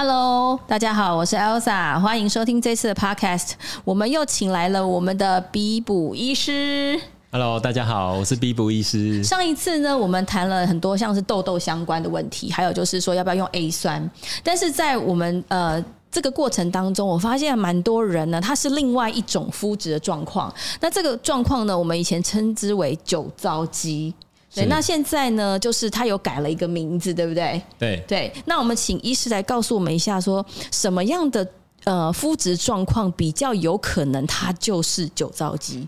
Hello，大家好，我是 Elsa，歡迎收聽這次的 podcast。我們又請來了我們的比 ㄅㄨˊ 醫師。Hello，大家好，我是比 ㄅㄨˊ 醫師。上一次呢，我們談了很多像是痘痘相關的問題，還有就是說要不要用 A 酸。但是在我們呃這個過程當中，我發現蠻多人呢，他是另外一種膚質的狀況。那這個狀況呢，我們以前稱之為酒糟肌。對，那現在呢，就是它有改了一個名字，對不對？對對，那我們請醫師來告訴我們一下說，說什麼樣的呃膚質狀況比較有可能它就是酒糟肌。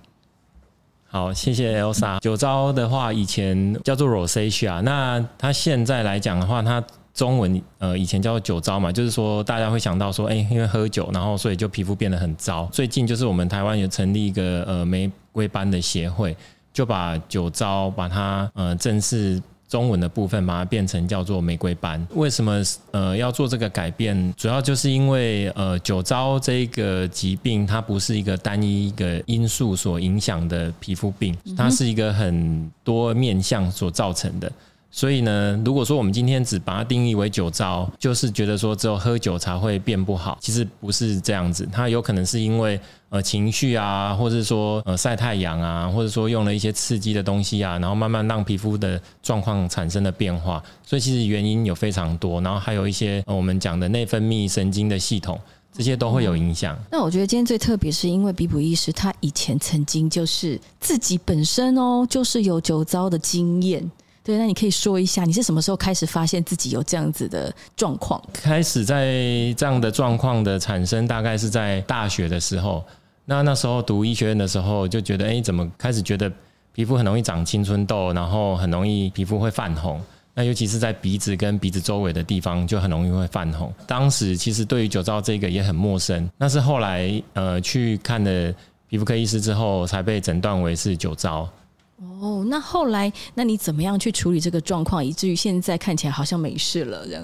好，謝謝 Elsa。嗯、酒糟的話，以前叫做 Rosacea，那它現在來講的話，它中文呃以前叫做酒糟嘛，就是說大家會想到說，哎、欸，因為喝酒，然後所以就皮膚變得很糟。最近就是我們臺灣有成立一個呃玫瑰斑的協會。就把酒糟把它呃正式中文的部分把它變成叫做玫瑰斑。為什麼呃要做這個改變？主要就是因為呃酒糟這個疾病，它不是一個單一一個因素所影響的皮膚病，它是一個很多面向所造成的。所以呢，如果說我們今天只把它定義為酒糟，就是覺得說只有喝酒才會變不好，其實不是這樣子。它有可能是因為呃情緒啊，或者說呃曬太陽啊，或者說用了一些刺激的東西啊，然後慢慢讓皮膚的狀況產生了變化。所以其實原因有非常多，然後還有一些、呃、我們講的內分泌、神經的系統，這些都會有影響。那我覺得今天最特別，是因為比普醫師他以前曾經就是自己本身哦，就是有酒糟的經驗。對，那你可以說一下，你是什麼時候開始發現自己有這樣子的狀況？開始在這樣的狀況的產生，大概是在大學的時候。那那時候讀醫學院的時候，就覺得，哎、欸，怎麼開始覺得皮膚很容易長青春痘，然後很容易皮膚會泛紅。那尤其是在鼻子跟鼻子周圍的地方，就很容易會泛紅。當時其實對於酒糟這個也很陌生，那是後來呃去看了皮膚科醫師之後，才被診斷為是酒糟。哦，oh, 那後來，那你怎麼樣去處理這個狀況，以至於現在看起來好像沒事了這樣？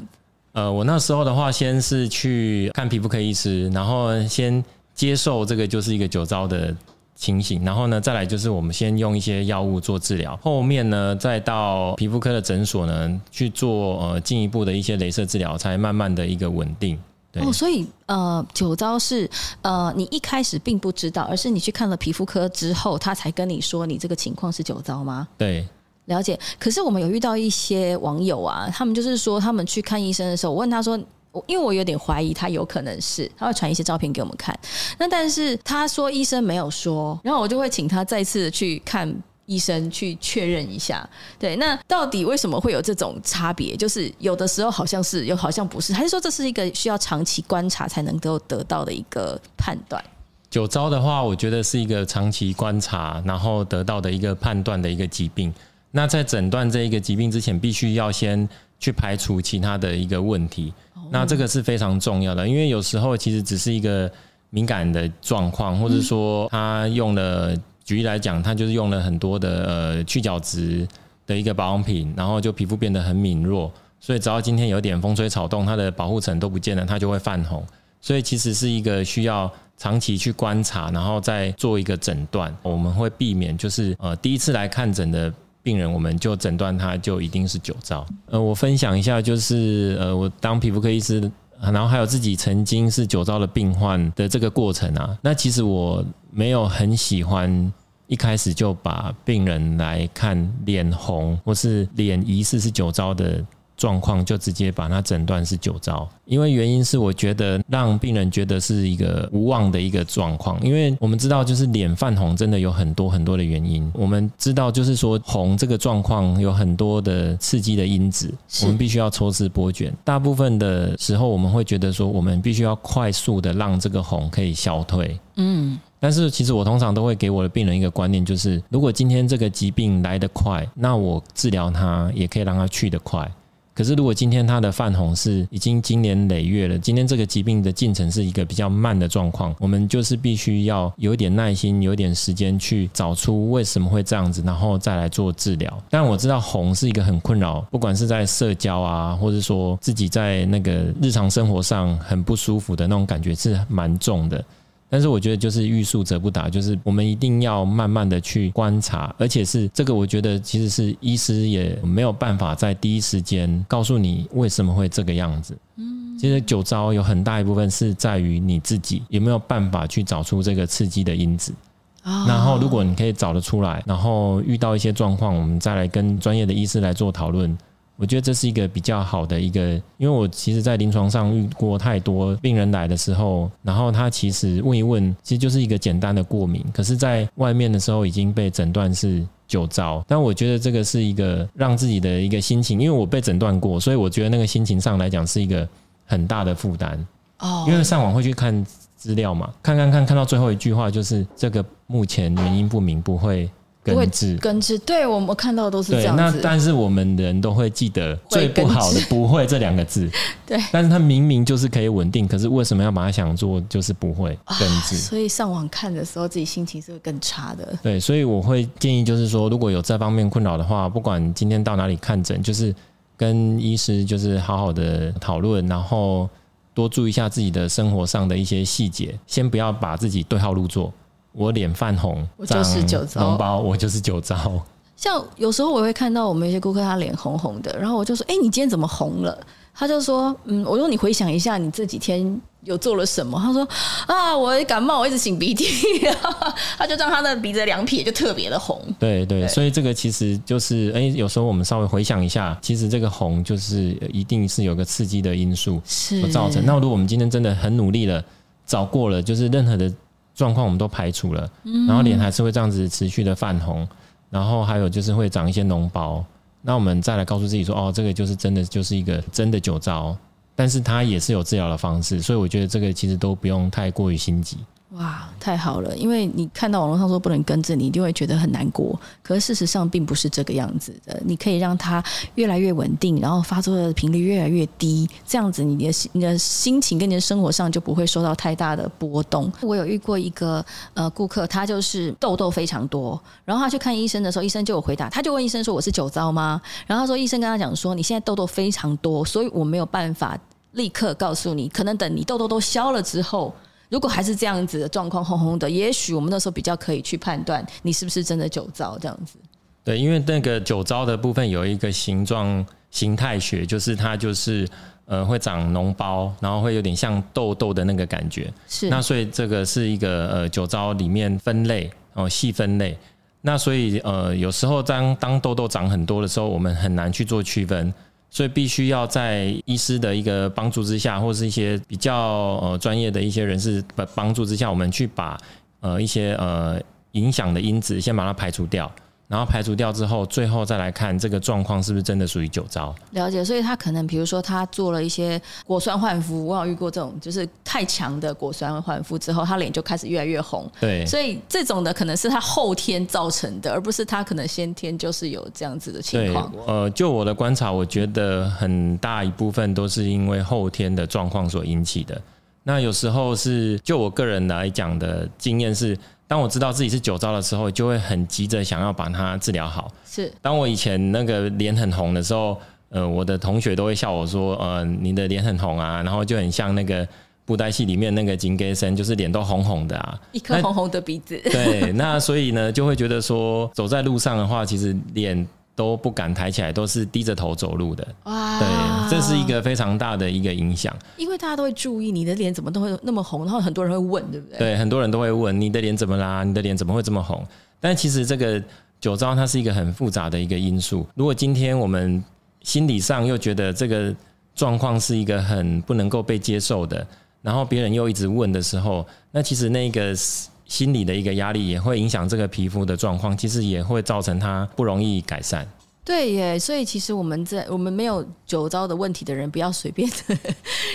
呃，我那時候的話，先是去看皮膚科醫師，然後先接受這個就是一個酒糟的情形，然後呢，再來就是我們先用一些藥物做治療，後面呢，再到皮膚科的診所呢去做呃進一步的一些雷射治療，才慢慢的一個穩定。哦，所以呃，酒糟是呃，你一開始並不知道，而是你去看了皮膚科之後，他才跟你說你這個情況是酒糟嗎？對，了解。可是我們有遇到一些網友啊，他們就是說他們去看醫生的時候，我問他說，因為我有點懷疑他有可能是，他會傳一些照片給我們看。那但是他說醫生沒有說，然後我就會請他再次去看。醫生去確認一下，對，那到底為什麼會有這種差別？就是有的時候好像是，又好像不是，還是說這是一個需要長期觀察才能夠得到的一個判斷？酒糟的話，我覺得是一個長期觀察，然後得到的一個判斷的一個疾病。那在診斷這一個疾病之前，必須要先去排除其他的一個問題，哦、那這個是非常重要的，因為有時候其實只是一個敏感的狀況，或者說他用了。舉例來講，他就是用了很多的呃去角質的一個保養品，然後就皮膚變得很敏弱，所以只要今天有點風吹草動，它的保護層都不見了，它就會泛紅。所以其實是一個需要長期去觀察，然後再做一個診斷。我們會避免就是呃第一次來看診的病人，我們就診斷他就一定是酒糟。呃，我分享一下，就是呃我當皮膚科醫師。然後還有自己曾經是酒糟的病患的這個過程啊，那其實我沒有很喜歡一開始就把病人來看臉紅，或是臉疑似是酒糟的狀況就直接把它診斷是酒糟，因為原因是我覺得讓病人覺得是一個無望的一個狀況，因為我們知道就是臉泛紅真的有很多很多的原因，我們知道就是說紅這個狀況有很多的刺激的因子，我們必須要抽絲剝繭。大部分的時候我們會覺得說我們必須要快速的讓這個紅可以消退，嗯，但是其實我通常都會給我的病人一個觀念，就是如果今天這個疾病來得快，那我治療它也可以讓它去得快。可是，如果今天他的泛紅是已經經年累月了，今天這個疾病的進程是一個比較慢的狀況，我們就是必須要有一點耐心，有一點時間去找出為什麼會這樣子，然後再來做治療。但我知道紅是一個很困擾，不管是在社交啊，或者說自己在那個日常生活上很不舒服的那種感覺，是蠻重的。但是我覺得就是欲速則不達，就是我們一定要慢慢的去觀察，而且是這個，我覺得其實是醫師也沒有辦法在第一時間告訴你為什麼會這個樣子。嗯，其實酒糟有很大一部分是在於你自己有沒有辦法去找出這個刺激的因子。哦，然後如果你可以找得出來，然後遇到一些狀況，我們再來跟專業的醫師來做討論。我覺得這是一個比較好的一個，因為我其實，在臨床上遇過太多病人來的時候，然後他其實問一問，其實就是一個簡單的過敏，可是在外面的時候已經被診斷是酒糟。但我覺得這個是一個讓自己的一個心情，因為我被診斷過，所以我覺得那個心情上來講是一個很大的負擔哦。因為上網會去看資料嘛，看看看看，看到最後一句話就是這個目前原因不明，不會。根治，根治跟，對，我們看到，都是這樣子。那但是我們人都會記得最不好的不會這兩個字。會跟 對，但是他明明就是可以穩定，可是為什麼要把它想做就是不會根治？啊，所以上網看的時候，自己心情是會更差的。對，所以我會建議就是說，如果有這方面困擾的話，不管今天到哪裡看診，就是跟醫師就是好好的討論，然後多注意一下自己的生活上的一些細節，先不要把自己對號入座。我臉泛紅，我就是酒糟，膿包，我就是酒糟。像有時候我會看到我們一些顧客，他臉紅紅的，然後我就說：“哎、欸，你今天怎麼紅了？”他就說：“嗯。”我說：“你回想一下，你這幾天有做了什麼？”他說：“啊，我感冒，我一直擤鼻涕。”他就讓他的鼻子兩皮也就特別的紅。對對，對對，所以這個其實就是哎、欸，有時候我們稍微回想一下，其實這個紅就是一定是有個刺激的因素所造成。是那如果我們今天真的很努力了，找過了，就是任何的。狀況我們都排除了，然後臉還是會這樣子持續的泛紅，嗯、然後還有就是會長一些膿包。那我們再來告訴自己說，哦，這個就是真的，就是一個真的酒糟，但是它也是有治療的方式，所以我覺得這個其實都不用太過於心急。哇，太好了！因為你看到網絡上說不能根治，你一定會覺得很難過。可是事實上並不是這個樣子的，你可以讓它越來越穩定，然後發作的頻率越來越低，這樣子你的你的心情跟你的生活上就不會受到太大的波動。我有遇過一個呃顧客，他就是痘痘非常多，然後他去看醫生的時候，醫生就有回答，他就問醫生說：“我是酒糟嗎？”然後他說醫生跟他講說：“你現在痘痘非常多，所以我沒有辦法立刻告訴你，可能等你痘痘都消了之後。”如果還是這樣子的狀況，紅紅的，也許我們那時候比較可以去判斷你是不是真的酒糟這樣子。對，因為那個酒糟的部分有一個形狀形態學，就是它就是呃會長膿包，然後會有點像痘痘的那個感覺。是，那所以這個是一個呃酒糟裡面分類哦呃、細分類。那所以呃有時候當當痘痘長很多的時候，我們很難去做區分。所以必須要在醫師的一個幫助之下，或是一些比較呃專業的一些人士的幫助之下，我們去把呃一些呃影響的因子先把它排除掉。然後排除掉之後，最後再來看這個狀況是不是真的屬於酒糟？了解，所以他可能比如說他做了一些果酸換膚，我有遇過這種，就是太強的果酸換膚之後，他臉就開始越來越紅。對，所以這種的可能是他後天造成的，而不是他可能先天就是有這樣子的情況。對呃，就我的觀察，我覺得很大一部分都是因為後天的狀況所引起的。那有時候是就我個人來講的經驗是。當我知道自己是酒糟的時候，就會很急着想要把它治療好。是，當我以前那個臉很紅的時候，呃，我的同學都會笑我說，呃，你的臉很紅啊，然後就很像那個布袋戲裡面那個秦假仙，就是臉都紅紅的啊，一顆紅紅的鼻子。對，那所以呢，就會覺得說，走在路上的話，其實臉。都不敢抬起來，都是低着頭走路的。哇，對，這是一個非常大的一個影響。因為大家都會注意你的臉怎麼都會那麼紅，然後很多人會問，對不對？對，很多人都會問你的臉怎麼啦？你的臉怎麼會這麼紅？但其實這個酒糟它是一個很複雜的一個因素。如果今天我們心理上又覺得這個狀況是一個很不能夠被接受的，然後別人又一直問的時候，那其實那個心理的一個壓力也會影響這個皮膚的狀況，其實也會造成它不容易改善。對耶，所以其實我們在我們沒有酒糟的問題的人，不要隨便的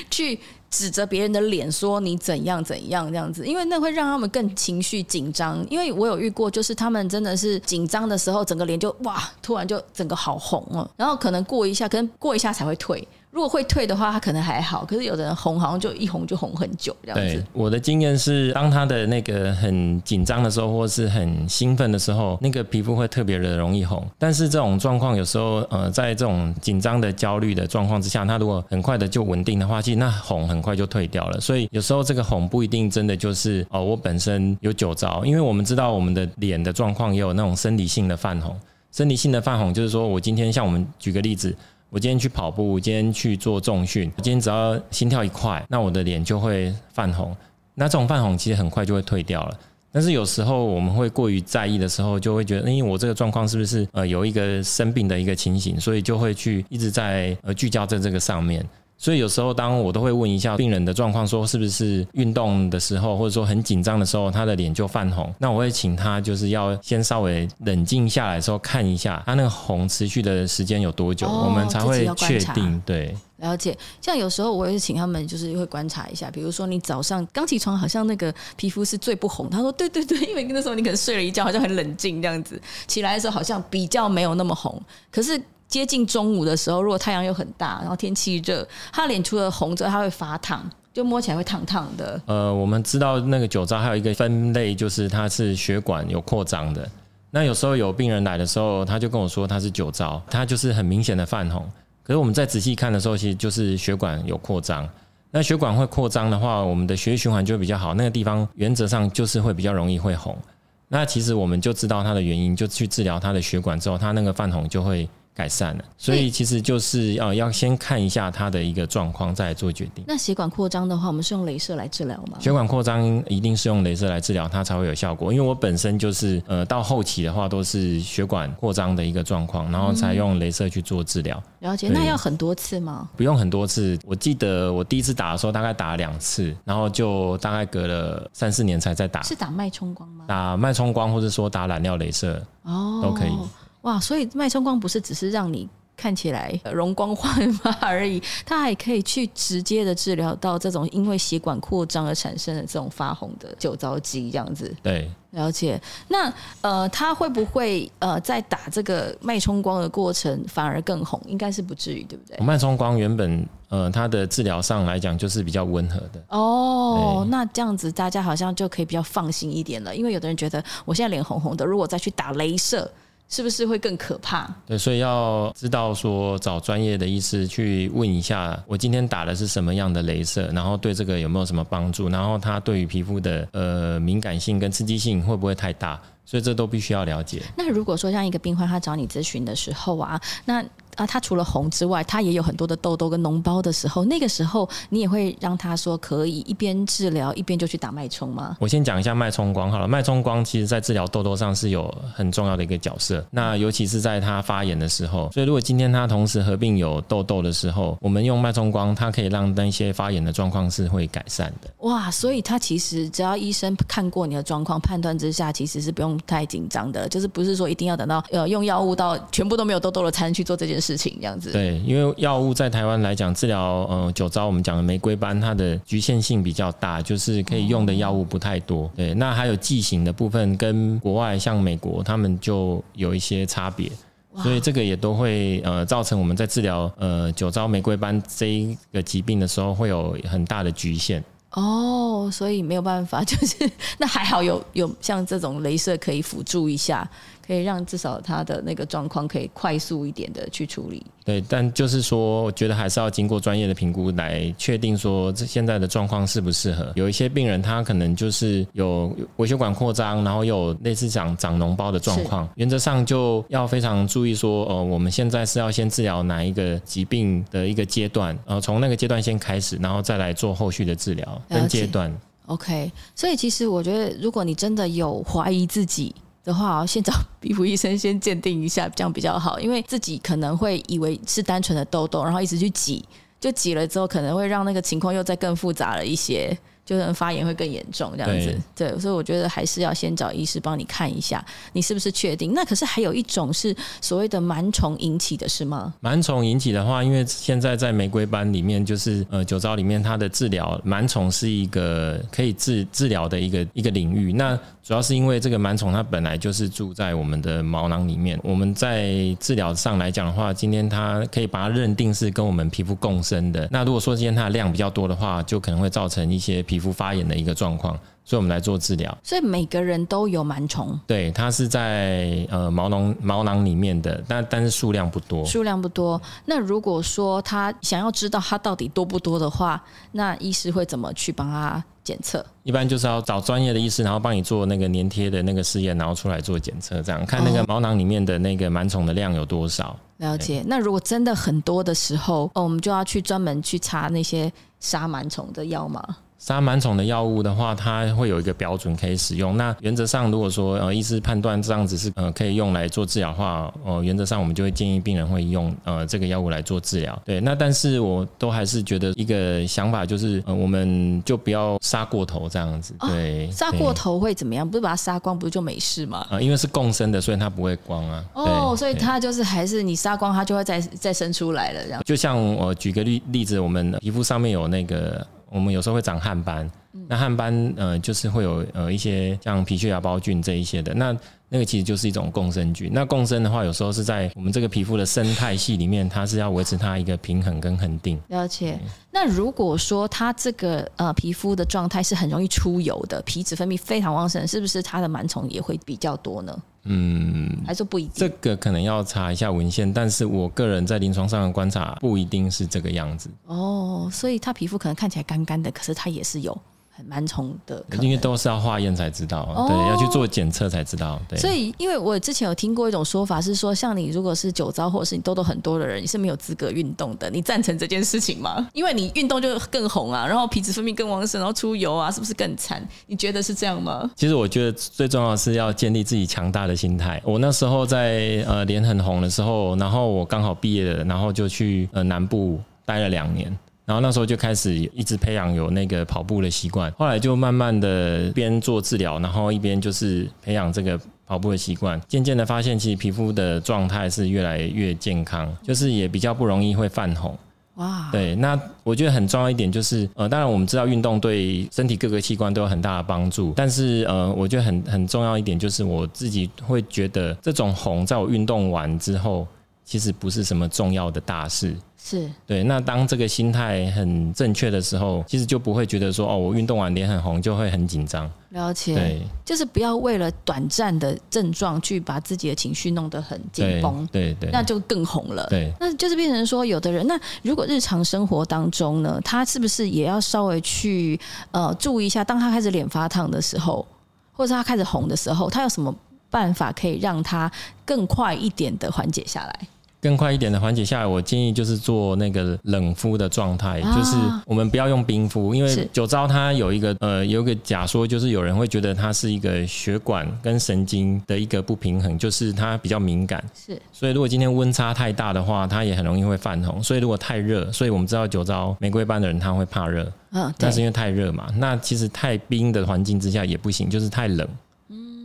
去指着別人的臉說你怎樣怎樣這樣子，因為那會讓他們更情緒緊張。因為我有遇過，就是他們真的是緊張的時候，整個臉就哇，突然就整個好紅哦，啊，然後可能過一下，跟過一下才會退。如果會退的話，他可能還好。可是有的人紅，好像就一紅就紅很久這樣子。對，我的經驗是，當他的那個很緊張的時候，或是很興奮的時候，那個皮膚會特別的容易紅。但是這種狀況有時候，呃，在這種緊張的、焦慮的狀況之下，他如果很快的就穩定的話，其實那紅很快就退掉了。所以有時候這個紅不一定真的就是哦，我本身有酒糟，因為我們知道我們的臉的狀況也有那種生理性的泛紅。生理性的泛紅就是說我今天像我們舉個例子。我今天去跑步，我今天去做重訓，我今天只要心跳一快，那我的臉就會泛紅。那這種泛紅其實很快就會退掉了。但是有時候我們會過於在意的時候，就會覺得，誒、欸、我這個狀況是不是呃有一個生病的一個情形，所以就會去一直在呃聚焦在這個上面。所以有時候，當我都會問一下病人的狀況，說是不是運動的時候，或者說很緊張的時候，他的臉就泛紅。那我會請他，就是要先稍微冷靜下來的時候，看一下他那個紅持續的時間有多久，哦、我們才會確定。對，了解。像有時候，我也是請他們，就是會觀察一下。比如說，你早上剛起床，好像那個皮膚是最不紅。他說：“對對對，因為那時候你可能睡了一覺，好像很冷靜這樣子，起來的時候好像比較沒有那麼紅。”可是。接近中午的時候，如果太陽又很大，然後天氣熱，他臉除了紅之外，他會發燙，就摸起來會燙燙的。呃，我們知道那個酒糟還有一個分類，就是它是血管有擴張的。那有時候有病人來的時候，他就跟我說他是酒糟，他就是很明顯的泛紅。可是我們再仔細看的時候，其實就是血管有擴張。那血管會擴張的話，我們的血液循環就會比較好。那個地方原則上就是會比較容易會紅。那其實我們就知道它的原因，就去治療他的血管之後，他那個泛紅就會。改善了，所以其實就是要要先看一下它的一個狀況，再做決定。那血管擴張的話，我們是用鐳射來治療嗎？血管擴張一定是用鐳射來治療，它才會有效果。因為我本身就是呃，到後期的話都是血管擴張的一個狀況，然後才用鐳射去做治療，嗯。了解。那要很多次嗎？不用很多次，我記得我第一次打的時候大概打了兩次，然後就大概隔了三四年才再打。是打脈衝光嗎？打脈衝光，或者說打染料鐳射哦，都可以。哦。哇，所以脈衝光不是只是讓你看起來容光煥發而已，它還可以去直接的治療到這種因為血管擴張而產生的這種發紅的酒糟肌這樣子。對，了解。那呃，它會不會呃在打這個脈衝光的過程反而更紅？應該是不至於，對不對？脈衝光原本呃它的治療上來講就是比較溫和的。哦，對那這樣子大家好像就可以比較放心一點了，因為有的人覺得我現在臉紅紅的，如果再去打雷射。是不是會更可怕？對，所以要知道說，找專業的醫師去問一下，我今天打的是什麼樣的鐳射，然後對這個有沒有什麼幫助，然後它對於皮膚的呃敏感性跟刺激性會不會太大，所以這都必須要了解那如果說像一個病患他找你諮詢的時候啊，那啊，他除了紅之外，他也有很多的痘痘跟膿包的時候，那個時候你也會讓他說可以一邊治療一邊就去打脈衝嗎？我先講一下脈衝光好了，脈衝光其實在治療痘痘上是有很重要的一個角色，那尤其是在他發炎的時候，所以如果今天他同時合併有痘痘的時候，我們用脈衝光，它可以讓那些發炎的狀況是會改善的。哇，所以他其實只要醫生看過你的狀況，判斷之下其實是不用太緊張的，就是不是說一定要等到呃用藥物到全部都沒有痘痘了才能去做這件事。事情這樣子，對，因為藥物在台灣來講治療呃酒糟，我們講的玫瑰斑，它的局限性比較大，就是可以用的藥物不太多。嗯、對，那還有劑型的部分，跟國外像美國，他們就有一些差別，哇所以這個也都會呃造成我們在治療呃酒糟玫瑰斑這個疾病的時候會有很大的局限。哦，所以沒有辦法，就是那還好有有像這種鐳射可以輔助一下。可以讓至少他的那個狀況可以快速一點的去處理。對，但就是說，我覺得還是要經過專業的評估來確定說，這現在的狀況適不適合。有一些病人他可能就是有微血管擴張，然後有類似像長長膿包的狀況，是原則上就要非常注意說，呃，我們現在是要先治療哪一個疾病的一個階段，呃，從那個階段先開始，然後再來做後續的治療。分解階段。OK，所以其實我覺得，如果你真的有懷疑自己，的話，先找皮膚醫生先鑑定一下，這樣比較好，因為自己可能會以為是單純的痘痘，然後一直去擠，就擠了之後可能會讓那個情況又再更複雜了一些，就是發炎會更嚴重這樣子。對，對，所以我覺得還是要先找醫師幫你看一下，你是不是確定？那可是還有一種是所謂的蟎蟲引起的是嗎？蟎蟲引起的話，因為現在在玫瑰斑裡面，就是呃酒糟裡面，它的治療蟎蟲是一個可以治治療的一個一個領域。那主要是因為這個蟎蟲，它本來就是住在我們的毛囊裡面。我們在治療上來講的話，今天它可以把它認定是跟我們皮膚共生的。那如果說今天它的量比較多的話，就可能會造成一些皮膚發炎的一個狀況，所以我們來做治療。所以每個人都有蟎蟲？對，它是在呃，毛囊、毛囊裡面的，但但是數量不多。數量不多。那如果說他想要知道它到底多不多的話，那醫師會怎麼去幫他？檢測一般就是要找專業的醫師，然後幫你做那個粘貼的那個試驗，然後出來做檢測，這樣看那個毛囊裡面的那個蟎蟲的量有多少。哦、了解。對那如果真的很多的時候，哦，我們就要去專門去擦那些殺蟎蟲的藥嗎？殺蟎蟲的藥物的話，它會有一個標準可以使用。那原則上，如果說呃，醫師判斷這樣子是呃可以用來做治療的話，呃，原則上我們就會建議病人會用呃這個藥物來做治療。對，那但是我都還是覺得一個想法就是，呃我們就不要殺過頭這樣子。對，哦、殺過頭會怎麼樣？不是把它殺光，不是就沒事嗎？啊、呃，因為是共生的，所以它不會光啊。哦，對對所以它就是還是你殺光，它就會再再生出來了。然後，就像我舉個例例子，我們皮膚上面有那個。我們有時候會長汗斑，那汗斑呃就是會有呃一些像皮屑芽孢菌這一些的，那那個其實就是一種共生菌。那共生的話，有時候是在我們這個皮膚的生態系裡面，它是要維持它一個平衡跟恆定。嗯、了解。那如果說它這個呃皮膚的狀態是很容易出油的，皮脂分泌非常旺盛，是不是它的蟎蟲也會比較多呢？嗯，還是不一定，這個可能要查一下文獻。但是我個人在臨床上的觀察不一定是這個樣子。哦，所以他皮膚可能看起來乾乾的，可是他也是有。很蠻重的，因為都是要化驗才,、哦、才知道，對，要去做檢測才知道。對，所以因為我之前有聽過一種說法，是說像你如果是酒糟或者是你痘痘很多的人，你是沒有資格運動的。你贊成這件事情嗎？因為你運動就更紅啊，然後皮脂分泌更旺盛，然後出油啊，是不是更慘？你覺得是這樣嗎？其實我覺得最重要的是要建立自己強大的心態。我那時候在呃臉很紅的時候，然後我剛好畢業了，然後就去呃南部待了兩年。然後那時候就開始一直培養有那個跑步的習慣，後來就慢慢的邊做治療，然後一邊就是培養這個跑步的習慣，漸漸的發現其實皮膚的狀態是越來越健康，就是也比較不容易會泛紅。哇，Wow. 對，那我覺得很重要一點就是，呃，當然我們知道運動對身體各個器官都有很大的幫助，但是呃，我覺得很很重要一點就是我自己會覺得這種紅在我運動完之後。其實不是什麼重要的大事是，是對。那當這個心態很正確的時候，其實就不會覺得說哦，我運動完臉很紅就會很緊張。了解，對，就是不要為了短暫的症狀去把自己的情緒弄得很緊繃，對對，那就更紅了。對，那就是變成說，有的人那如果日常生活當中呢，他是不是也要稍微去呃注意一下，當他開始臉發燙的時候，或者是他開始紅的時候，他有什麼辦法可以讓他更快一點的緩解下來？更快一點的緩解下來，我建議就是做那個冷敷的狀態，啊、就是我們不要用冰敷，因為酒糟它有一個呃有一個假說，就是有人會覺得它是一個血管跟神經的一個不平衡，就是它比較敏感，是。所以如果今天溫差太大的話，它也很容易會泛紅。所以如果太熱，所以我們知道酒糟玫瑰斑的人他會怕熱，嗯、但是因為太熱嘛，那其實太冰的環境之下也不行，就是太冷。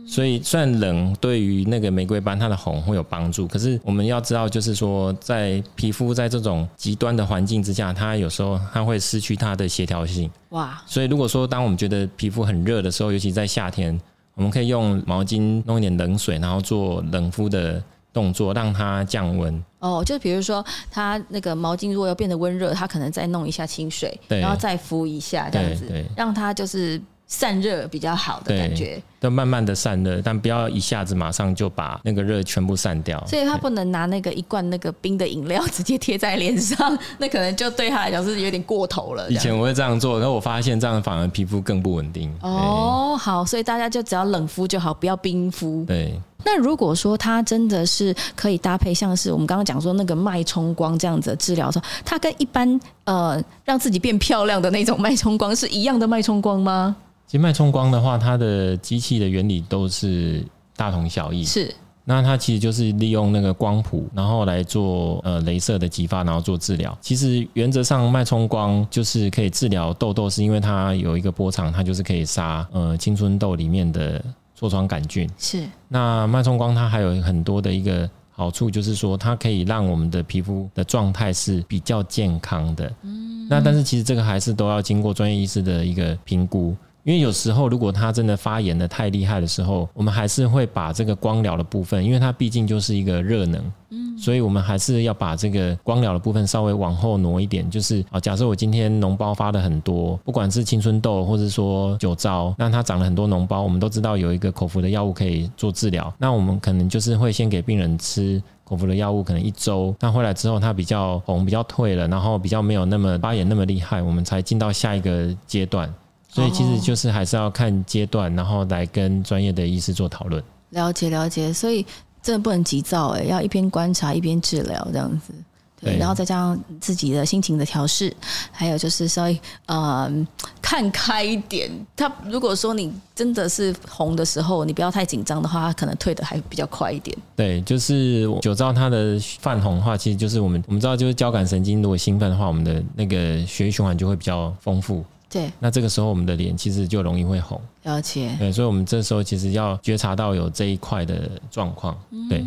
所以，雖然冷對於那個玫瑰斑它的紅會有幫助，可是我們要知道，就是說，在皮膚在這種極端的環境之下，它有時候它會失去它的協調性。哇！所以，如果說當我們覺得皮膚很熱的時候，尤其在夏天，我們可以用毛巾弄一點冷水，然後做冷敷的動作，讓它降溫。哦，就比如說，它那個毛巾如果要變得溫熱，它可能再弄一下清水，對然後再敷一下這樣子，讓它就是。散熱比較好的感覺，要慢慢的散熱，但不要一下子馬上就把那個熱全部散掉。所以他不能拿那個一罐那個冰的飲料直接貼在臉上，對那可能就對他來講是有點過頭了。以前我會這樣做，然後我發現這樣反而皮膚更不穩定。哦，好，所以大家就只要冷敷就好，不要冰敷。對。那如果說它真的是可以搭配，像是我們剛剛講說那個脈衝光這樣子的治療的時候，它跟一般呃讓自己變漂亮的那種脈衝光是一樣的脈衝光嗎？其實脈衝光的話，它的機器的原理都是大同小異。是，那它其實就是利用那個光譜，然後來做呃，雷射的激發，然後做治療。其實原則上，脈衝光就是可以治療痘痘，是因為它有一個波長，它就是可以殺呃青春痘裡面的痤瘡桿菌。是，那脈衝光它還有很多的一個好處，就是說它可以讓我們的皮膚的狀態是比較健康的。嗯，那但是其實這個還是都要經過專業醫師的一個評估。因為有時候，如果它真的發炎的太厲害的時候，我們還是會把這個光療的部分，因為它畢竟就是一個熱能，嗯，所以我們還是要把這個光療的部分稍微往後挪一點。就是啊，假設我今天膿包發得很多，不管是青春痘或者說酒糟，那它長了很多膿包，我們都知道有一個口服的藥物可以做治療。那我們可能就是會先給病人吃口服的藥物，可能一周，那回來之後它比較紅，比較退了，然後比較沒有那麼發炎那麼厲害，我們才進到下一個階段。所以其實就是還是要看階段，然後來跟專業的醫師做討論。哦，了解，了解，所以真的不能急躁欸，要一邊觀察一邊治療這樣子。對，對，然後再加上自己的心情的調適，還有就是稍微嗯看開一點。他如果說你真的是紅的時候，你不要太緊張的話，它可能退得還比較快一點。對，就是酒糟它的泛紅的話，其實就是我們我們知道，就是交感神經如果興奮的話，我們的那個血液循環就會比較豐富。對，那這個時候我們的臉其實就容易會紅，了解。對，所以，我們這時候其實要覺察到有這一塊的狀況。嗯、對，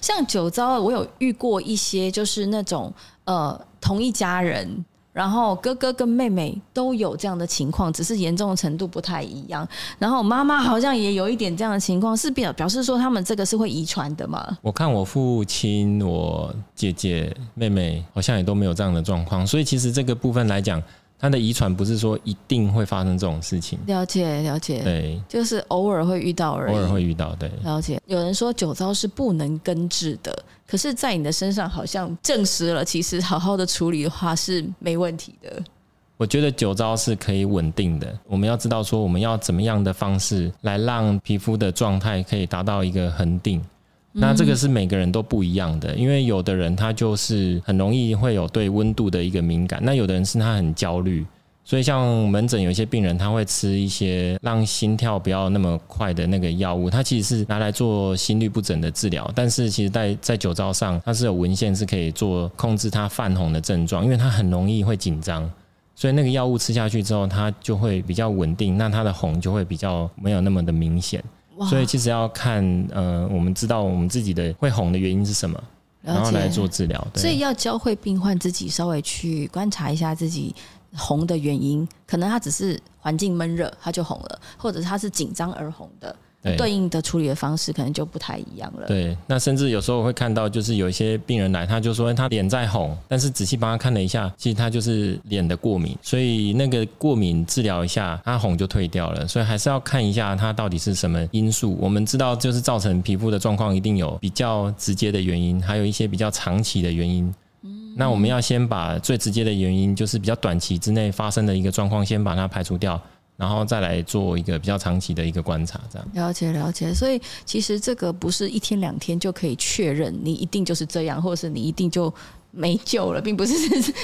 像酒糟，我有遇過一些，就是那種呃，同一家人，然後哥哥跟妹妹都有這樣的情況，只是嚴重的程度不太一樣。然後媽媽好像也有一點這樣的情況，是表表示說他們這個是會遺傳的嘛？我看我父親、我姐姐、妹妹好像也都沒有這樣的狀況，所以其實這個部分來講他的遺傳不是說一定會發生這種事情，了解了解，了解對，就是偶爾會遇到而已，偶爾會遇到，對，了解。有人說酒糟是不能根治的，可是，在你的身上好像證實了，其實好好的處理的話是沒問題的。我覺得酒糟是可以穩定的。我們要知道說，我們要怎麼樣的方式來讓皮膚的狀態可以達到一個恆定。那這個是每個人都不一樣的，嗯、因為有的人他就是很容易會有對溫度的一個敏感，那有的人是他很焦慮，所以像門診有一些病人他會吃一些讓心跳不要那麼快的那個藥物，他其實是拿來做心律不整的治療，但是其實在在酒糟上它是有文獻是可以做控制它泛紅的症狀，因為它很容易會緊張，所以那個藥物吃下去之後，它就會比較穩定，那它的紅就會比較沒有那麼的明顯。哇所以其實要看，呃，我們知道我們自己的會紅的原因是什麼，解然後來做治療。對啊，所以要教會病患自己稍微去觀察一下自己紅的原因，可能他只是環境悶熱，他就紅了，或者他是緊張而紅的。對，對應的處理的方式可能就不太一樣了。對，那甚至有時候我會看到，就是有一些病人來，他就說他臉在紅，但是仔細幫他看了一下，其實他就是臉的過敏，所以那個過敏治療一下，他紅就退掉了。所以還是要看一下他到底是什麼因素。我們知道，就是造成皮膚的狀況一定有比較直接的原因，還有一些比較長期的原因。嗯，那我們要先把最直接的原因，就是比較短期之內發生的一個狀況，先把它排除掉。然後再來做一個比較長期的一個觀察，這樣了解了解。所以其實這個不是一天兩天就可以確認，你一定就是這樣，或是你一定就沒救了，並不是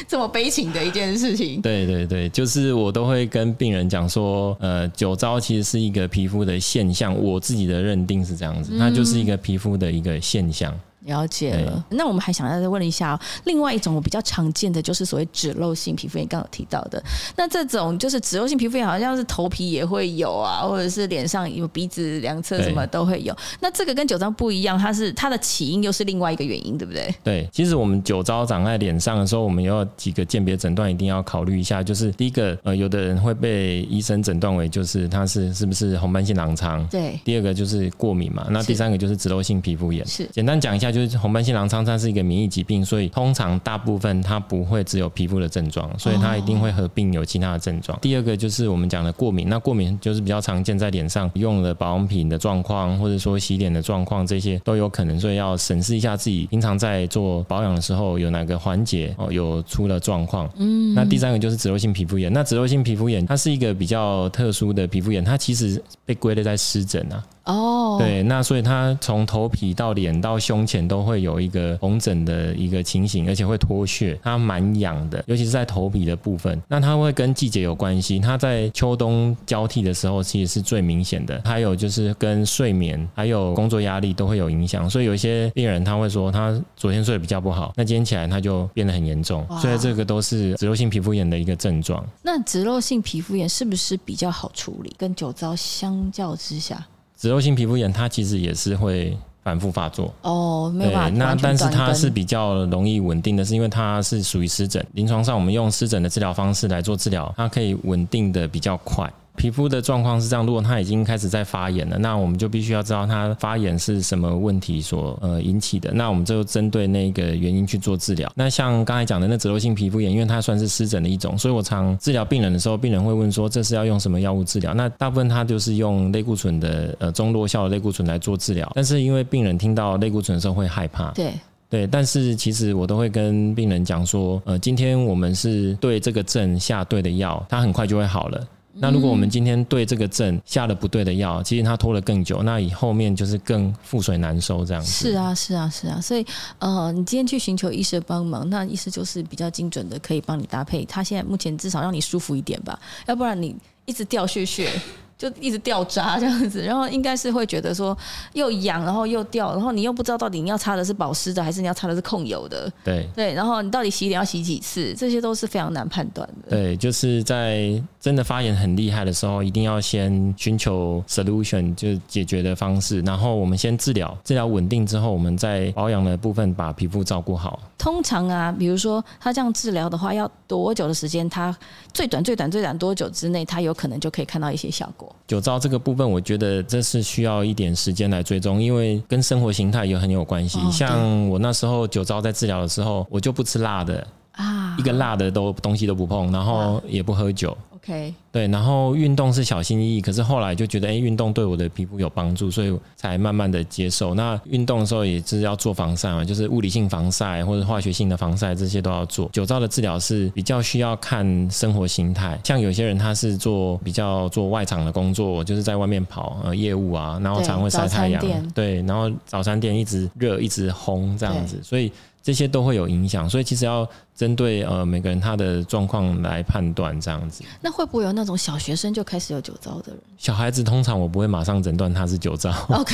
這麼悲情的一件事情。對對對，就是我都會跟病人講說，呃，酒糟其實是一個皮膚的現象。我自己的認定是這樣子，那就是一個皮膚的一個現象。嗯了解了，對那我們還想要再問一下哦，另外一種我比較常見的就是所謂脂漏性皮膚炎，剛剛有提到的。那這種就是脂漏性皮膚炎，好像是頭皮也會有啊，或者是臉上有鼻子兩側什麼都會有。對那這個跟酒糟不一樣，它是它的起因又是另外一個原因，對不對？對，其實我們酒糟長在臉上的時候，我們有幾個鑑別診斷，一定要考慮一下。就是第一個，呃，有的人會被醫生診斷為就是它是是不是紅斑性狼瘡？對。第二個就是過敏嘛。那第三個就是脂漏性皮膚炎。是。是簡單講一下就是。就是紅斑性狼瘡，它是一個免疫疾病，所以通常大部分它不會只有皮膚的症狀，所以它一定會合併有其他的症狀。哦、第二個就是我們講的過敏，那過敏就是比較常見在臉上用的保養品的狀況，或者說洗臉的狀況，這些都有可能，所以要審視一下自己平常在做保養的時候有哪個環節哦有出了狀況。嗯，那第三個就是脂漏性皮膚炎，那脂漏性皮膚炎它是一個比較特殊的皮膚炎，它其實被歸類在濕疹啊。哦，oh. 對，那所以他從頭皮到臉到胸前都會有一個紅疹的一個情形，而且會脫屑，它蠻癢的，尤其是在頭皮的部分。那它會跟季節有關係，它在秋冬交替的時候其實是最明顯的。還有就是跟睡眠還有工作壓力都會有影響，所以有一些病人他會說他昨天睡得比較不好，那今天起來他就變得很嚴重，哇所以這個都是脂漏性皮膚炎的一個症狀。那脂漏性皮膚炎是不是比較好處理，跟酒糟相較之下？脂漏性皮膚炎它其實也是會反覆發作哦，沒有，對，那但是它是比較容易穩定的是，是因為它是屬於濕疹，臨床上我們用濕疹的治療方式來做治療，它可以穩定的比較快。皮膚的狀況是這樣，如果它已經開始在發炎了，那我們就必須要知道它發炎是什麼問題所呃引起的，那我們就針對那個原因去做治療。那像剛才講的那脂漏性皮膚炎，因為它算是濕疹的一種，所以我常治療病人的時候，病人會問說這是要用什麼藥物治療？那大部分他就是用類固醇的呃中弱效的類固醇來做治療，但是因為病人聽到類固醇的時候會害怕，對對，但是其實我都會跟病人講說，呃，今天我們是對這個症下對的藥，他很快就會好了。那如果我們今天對這個症下了不對的藥，嗯、其實它拖了更久，那以後面就是更覆水難收這樣子。是啊，是啊，是啊，所以呃，你今天去尋求醫師幫忙，那醫師就是比較精準的，可以幫你搭配，他現在目前至少讓你舒服一點吧，要不然你一直掉屑屑。 就一直掉渣，這樣子，然後應該是會覺得說又癢，然後又掉，然後你又不知道到底你要擦的是保濕的還是你要擦的是控油的。對對，然後你到底洗臉要洗幾次，這些都是非常難判斷的。對，就是在真的發炎很厲害的時候，一定要先尋求 solution，就是解決的方式。然後我們先治療，治療穩定之後，我們再保養的部分把皮膚照顧好。通常啊，比如說他這樣治療的話，要多久的時間？他最短最短最短多久之內，他有可能就可以看到一些效果？酒糟這個部分，我覺得這是需要一點時間來追蹤，因為跟生活形態也很有關係。哦、像我那時候酒糟在治療的時候，我就不吃辣的，啊、一個辣的都東西都不碰，然後也不喝酒。啊 Okay. 對，然後運動是小心翼翼，可是後來就覺得，哎、欸，運動對我的皮膚有幫助，所以才慢慢的接受。那運動的時候也是要做防曬嘛，就是物理性防曬或者化學性的防曬，這些都要做。酒糟的治療是比較需要看生活形態，像有些人他是做比較做外場的工作，就是在外面跑呃業務啊，然後常，常會曬太陽，對，早餐店對，然後早餐店一直熱一直烘這樣子，對所以這些都會有影響，所以其實要。針對呃每個人他的狀況來判斷這樣子，那會不會有那種小學生就開始有酒糟的人？小孩子通常我不會馬上診斷他是酒糟。OK，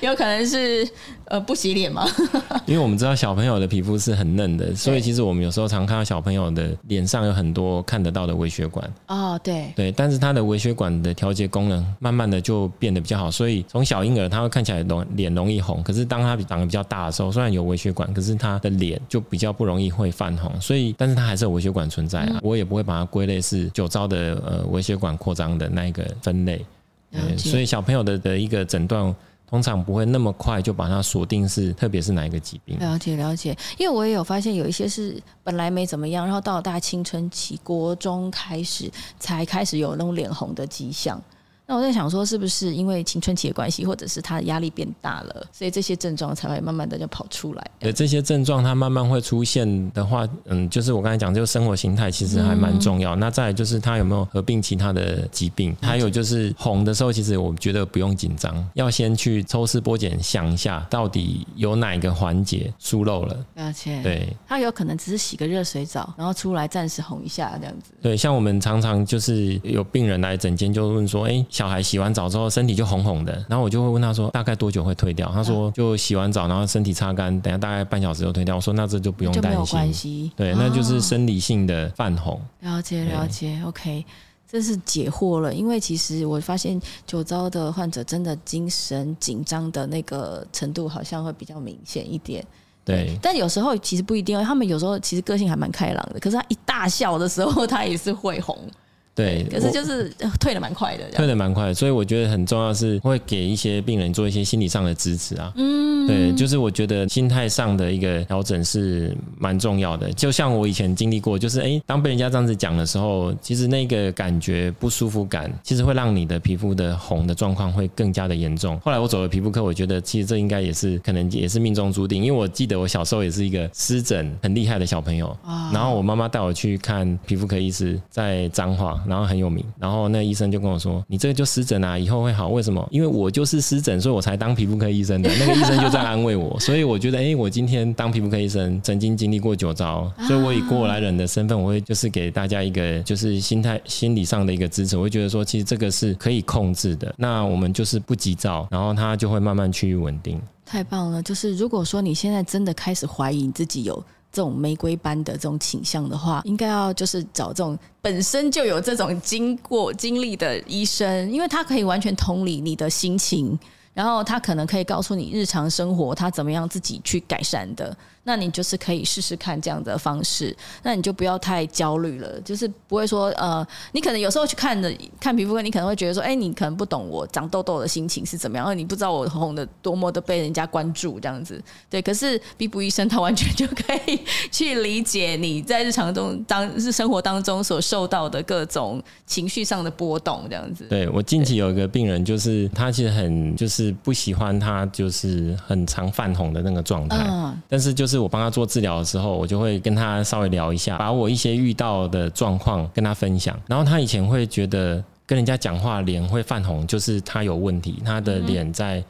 有可能是 呃不洗臉嗎？ 因為我們知道小朋友的皮膚是很嫩的，對所以其實我們有時候常看到小朋友的臉上有很多看得到的微血管。哦，對對，但是他的微血管的調節功能慢慢的就變得比較好，所以從小嬰兒他會看起來容臉容易紅，可是當他長得比較大的時候，雖然有微血管，可是他的臉就比較不容易會。泛紅，所以，但是它還是有微血管存在啊，嗯、我也不會把它歸類是酒糟的呃微血管擴張的那一個分類，嗯，了解，所以小朋友的的一個診斷通常不會那麼快就把它鎖定是，特別是哪一個疾病。了解了解，因為我也有發現有一些是本來沒怎麼樣，然後到大青春期、國中開始才開始有那種臉紅的跡象。那我在想說，是不是因為青春期的關係，或者是他的壓力變大了，所以這些症狀才會慢慢的就跑出來？對，這些症狀它慢慢會出現的話，嗯，就是我剛才講，就生活形態其實還蠻重要。嗯、那再來就是他有沒有合併其他的疾病？嗯、還有就是紅的時候，其實我覺得不用緊張，要先去抽絲剝繭，想一下到底有哪一個環節疏漏了。而且了解，對他有可能只是洗個熱水澡，然後出來暫時紅一下這樣子。對，像我們常常就是有病人來診間就問說，誒、欸。小孩洗完澡之後身體就紅紅的，然後我就會問他說：“大概多久會退掉？”嗯、他說：“就洗完澡，然後身體擦乾，等下大概半小時就退掉。”我說：“那這就不用擔心。”就沒有關係，對，哦、那就是生理性的泛紅。了解對了解，OK，這是解惑了。因為其實我發現酒糟的患者真的精神緊張的那個程度好像會比較明顯一點。對，對但有時候其實不一定，他們有時候其實個性還蠻開朗的，可是他一大笑的時候，他也是會紅。 對，可是就是退的蠻快的，退得蠻的蠻快，所以我覺得很重要是會給一些病人做一些心理上的支持啊，嗯，對，就是我覺得心態上的一個調整是蠻重要的。就像我以前經歷過，就是誒、欸、當被人家這樣子講的時候，其實那個感覺不舒服感，其實會讓你的皮膚的紅的狀況會更加的嚴重。後來我走了皮膚科，我覺得其實這應該也是可能也是命中注定，因為我記得我小時候也是一個濕疹很厲害的小朋友，哦、然後我媽媽帶我去看皮膚科醫師，在彰化。然後很有名，然後那醫生就跟我說：“你這個就濕疹啊，以後會好。為什麼？因為我就是濕疹，所以我才當皮膚科醫生的。”那個醫生就在安慰我， 所以我覺得，哎、欸，我今天當皮膚科醫生，曾經經歷過酒糟，所以我以過來人的身份，啊、我會就是給大家一個就是心態、心理上的一個支持。我會覺得說，其實這個是可以控制的。那我們就是不急躁，然後它就會慢慢趨於穩定。太棒了！就是如果說你現在真的開始懷疑你自己有。這種玫瑰斑的這種傾向的話，應該要就是找這種本身就有這種經過經歷的醫生，因為他可以完全同理你的心情，然後他可能可以告訴你日常生活他怎麼樣自己去改善的。那你就是可以試試看這樣的方式，那你就不要太焦慮了，就是不會說呃，你可能有時候去看的，看皮膚科，你可能會覺得說，哎、欸，你可能不懂我長痘痘的心情是怎麼樣，而你不知道我紅的多麼的被人家關注這樣子。對，可是比 ㄅㄨˊ 醫生他完全就可以去理解你在日常中當日生活當中所受到的各種情緒上的波動這樣子。對，我近期有一個病人，就是對他其實很就是不喜歡他就是很常泛紅的那個狀態，uh. 但是就是。我幫他做治療的時候，我就會跟他稍微聊一下，把我一些遇到的狀況跟他分享。然後他以前會覺得跟人家講話臉會泛紅，就是他有問題，他的臉在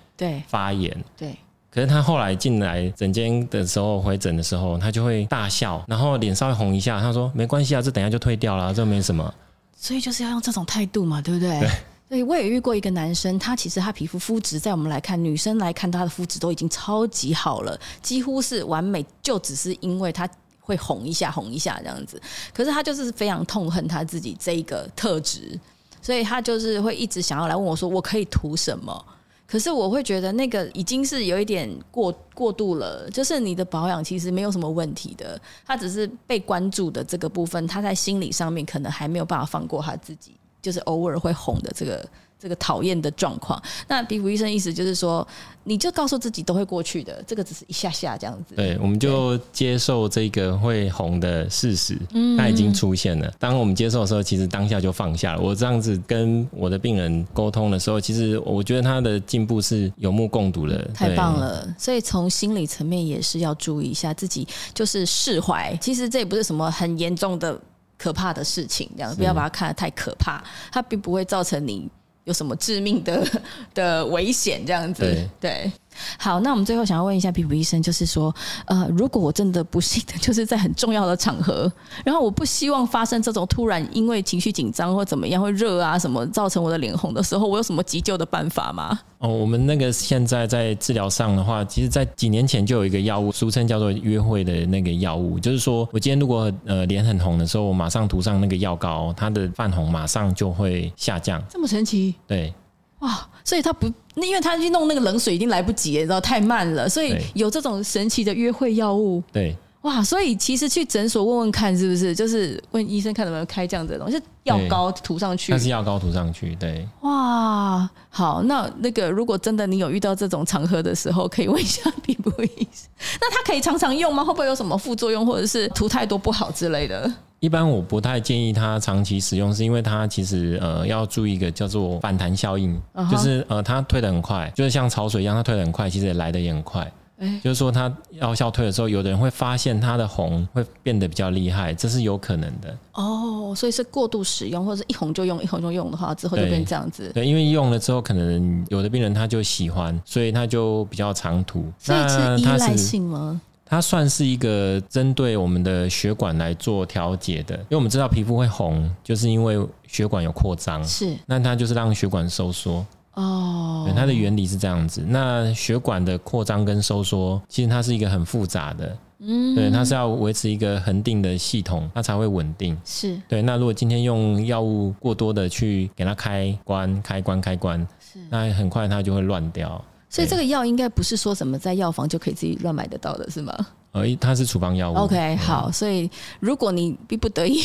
發炎。嗯、對，對。可是他後來進來診間的時候，回診的時候，他就會大笑，然後臉稍微紅一下。他說：“沒關係啊，這等下就退掉了，這沒什麼。”所以就是要用這種態度嘛，對不對？對。對，我也遇過一個男生，他其實他皮膚膚質，在我們來看，女生來看他的膚質都已經超級好了，幾乎是完美，就只是因為他會紅一下紅一下這樣子。可是他就是非常痛恨他自己這一個特質，所以他就是會一直想要來問我說：“我可以塗什麼？”可是我會覺得那個已經是有一點過過度了，就是你的保養其實沒有什麼問題的，他只是被關注的這個部分，他在心理上面可能還沒有辦法放過他自己。就是偶爾會紅的這個、嗯、這個討厭的狀況，那比 ㄅㄨˊ 醫生，意思就是說，你就告訴自己都會過去的，這個只是一下下這樣子。對，對我們就接受這個會紅的事實，它、嗯、已經出現了。當我們接受的時候，其實當下就放下了。我這樣子跟我的病人溝通的時候，其實我覺得他的進步是有目共睹的，太棒了。所以從心理層面也是要注意一下自己，就是釋懷。其實這也不是什麼很嚴重的可怕的事情，這樣是不要把它看得太可怕，它並不會造成你有什麼致命的的危險，這樣子，對。對好，那我們最後想要問一下比布醫生，就是說，呃，如果我真的不幸的就是在很重要的場合，然後我不希望發生這種突然因為情緒緊張或怎麼樣會熱啊什麼造成我的臉紅的時候，我有什麼急救的辦法嗎？哦，我們那個現在在治療上的話，其實在幾年前就有一個藥物，俗稱叫做約會的那個藥物，就是說我今天如果呃臉很紅的時候，我馬上塗上那個藥膏，它的泛紅馬上就會下降，這麼神奇？對。哇，所以他不，那因為他去弄那個冷水已經來不及了，然後太慢了，所以有這種神奇的約會藥物。對。哇，所以其實去診所問問看是不是，就是問醫生看有沒有開這樣子的東西，藥膏塗上去。那是藥膏塗上去，對。哇，好，那那個如果真的你有遇到這種場合的時候，可以問一下比 ㄅㄨˊ 醫師。那他可以常常用嗎？會不會有什麼副作用，或者是塗太多不好之類的？一般我不太建議他長期使用，是因為他其實呃要注意一個叫做反彈效應，uh huh. 就是呃它退得很快，就是像潮水一樣，它退得很快，其實也來得也很快。欸、就是說它藥效退的時候，有的人會發現它的紅會變得比較厲害，這是有可能的哦。所以是過度使用，或者是一紅就用，一紅就用的話，之後就變這樣子。對，對，因為用了之後，可能有的病人他就喜歡，所以他就比較常塗。所以是依賴性嗎？那它是，它算是一個針對我們的血管來做調節的，因為我們知道皮膚會紅，就是因為血管有擴張，是那它就是讓血管收縮。哦、oh.，它的原理是這樣子。那血管的擴張跟收縮，其實它是一個很複雜的。嗯、mm，hmm. 對，它是要維持一個恆定的系統，它才會穩定。是對。那如果今天用藥物過多的去給它開關、開關、開關，是那很快它就會亂掉。所以這個藥應該不是說什麼在藥房就可以自己亂買得到的，是嗎？而它是處方藥物。OK，好，嗯，所以如果你逼不得已，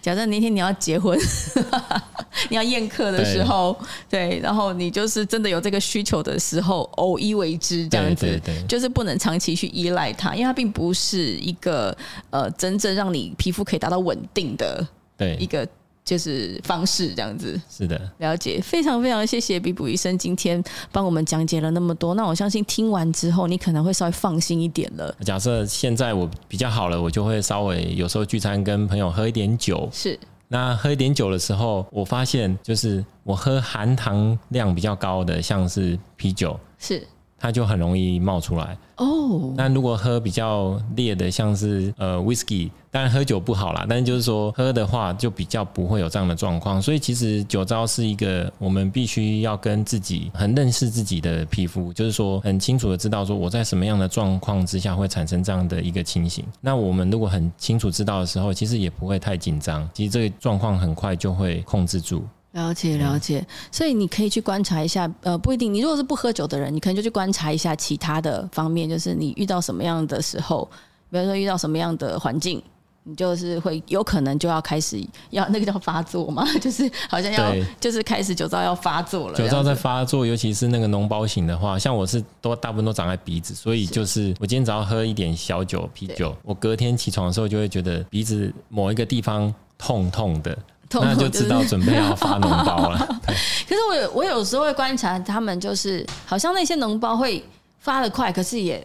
假設那天你要結婚， 你要宴客的時候，對，了對，然後你就是真的有這個需求的時候，偶、哦、一為之這樣子，對，對，對，就是不能長期去依賴它，因為它並不是一個呃真正讓你皮膚可以達到穩定的對一個。對一個就是方式這樣子，是的，了解，非常非常謝謝比 ㄅㄨˊ 醫生今天幫我們講解了那麼多。那我相信聽完之後，你可能會稍微放心一點了。假設現在我比較好了，我就會稍微有時候聚餐跟朋友喝一點酒。是，那喝一點酒的時候，我發現就是我喝含糖量比較高的，像是啤酒。是。它就很容易冒出來哦。那、oh. 如果喝比較烈的，像是呃 whisky，當然喝酒不好啦，但是就是說喝的話，就比較不會有這樣的狀況。所以其實酒糟是一個我們必須要跟自己很認識自己的皮膚，就是說很清楚的知道說我在什麼樣的狀況之下會產生這樣的一個情形。那我們如果很清楚知道的時候，其實也不會太緊張，其實這個狀況很快就會控制住。了解了解，所以你可以去觀察一下。呃，不一定。你如果是不喝酒的人，你可能就去觀察一下其他的方面，就是你遇到什麼樣的時候，比如說遇到什麼樣的環境，你就是會有可能就要開始要那個叫發作嘛，就是好像要對就是開始酒糟要發作了。酒糟在發作，尤其是那個膿包型的話，像我是都大部分都長在鼻子，所以就是我今天只要喝一點小酒，啤酒，對我隔天起床的時候就會覺得鼻子某一個地方痛痛的。就那就知道準備要發膿包了。可是我我有時候會觀察他們，就是好像那些膿包會發的快，可是也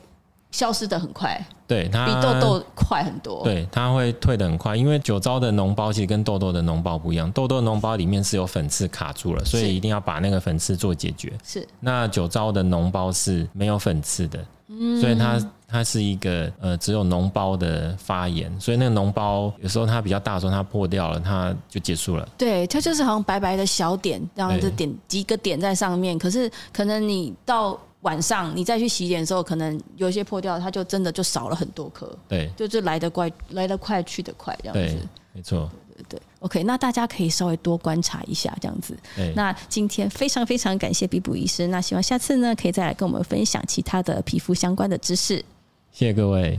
消失的很快。對，它比痘痘快很多。對，它會退的很快，因為酒糟的膿包其實跟痘痘的膿包不一樣。痘痘膿包裡面是有粉刺卡住了，所以一定要把那個粉刺做解決。是，那酒糟的膿包是沒有粉刺的。嗯、所以它它是一個呃只有膿包的發炎，所以那個膿包有時候它比較大的時候，它破掉了，它就結束了。對，它就是好像白白的小點，這樣子點幾個點在上面。對可是可能你到晚上你再去洗臉的時候，可能有些破掉，它就真的就少了很多顆。對，就就來得快，來得快去得快這樣子。對，沒錯。對，OK，那大家可以稍微多觀察一下這樣子。對那今天非常非常感謝比 ㄅㄨˊ 醫師，那希望下次呢可以再來跟我們分享其他的皮膚相關的知識。謝謝各位。